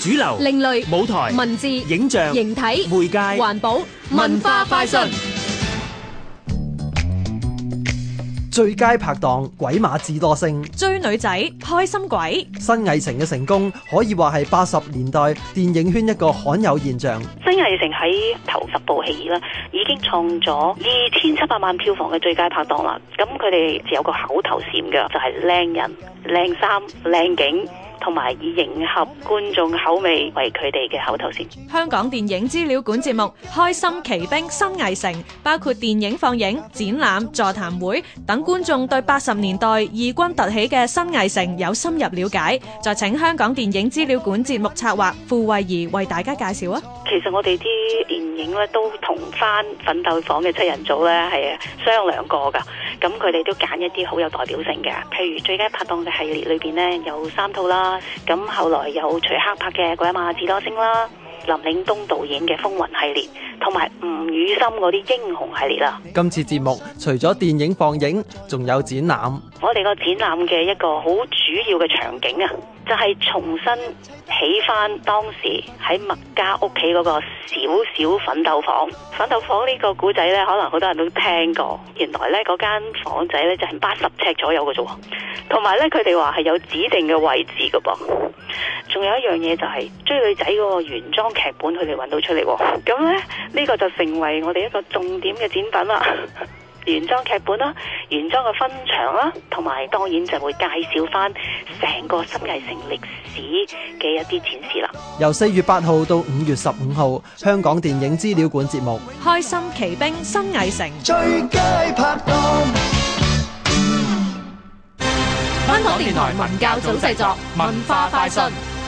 主流、另類、舞台、文字、影像、形體、媒介、環保、文化快訊。最佳拍檔、鬼馬智多星、追女仔、開心鬼。新藝城嘅成功可以話係八十年代電影圈一個罕有現象。新藝城喺頭十部戲啦，已經創咗二千七百萬票房嘅最佳拍檔啦。咁佢哋有個口頭禪嘅就係、是、靚人、靚衫、靚景。同埋以迎合觀眾口味為佢哋嘅口頭禪。香港電影資料館節目《開心奇兵新藝城》，包括電影放映、展覽、座談會等，觀眾對八十年代異軍突起嘅新藝城有深入瞭解。再請香港電影資料館節目策劃傅慧儀為大家介紹啊。其實我哋啲。影咧都同翻《奮鬥房》嘅七人組咧係啊商量過㗎，咁佢哋都揀一啲好有代表性嘅，譬如最佳拍檔嘅系列裏邊咧有三套啦，咁後來有徐克拍嘅《鬼馬智多星》啦。林嶺東導演嘅風雲系列，同埋吳宇森嗰啲英雄系列啦。今次節目除咗電影放映，仲有展覽。我哋個展覽嘅一個好主要嘅場景啊，就係、是、重新起翻當時喺麥嘉屋企嗰個小小奮鬥房。奮鬥房呢個古仔呢，可能好多人都聽過。原來呢嗰間房仔呢，就係八十尺左右嘅啫，同埋呢，佢哋話係有指定嘅位置㗎噃。仲有一樣嘢，就係追女仔嗰個原裝劇本，佢哋搵到出嚟，咁呢呢個就成為我哋一個重點嘅展品啦。 原裝劇本啦，原裝嘅分場啦，同埋當然就會介紹翻成個新藝城歷史嘅一啲展示啦。由四月八號到五月十五號，香港電影資料館節目《開心奇兵新藝城》最佳拍檔。香港電台文教組製作文化快訊。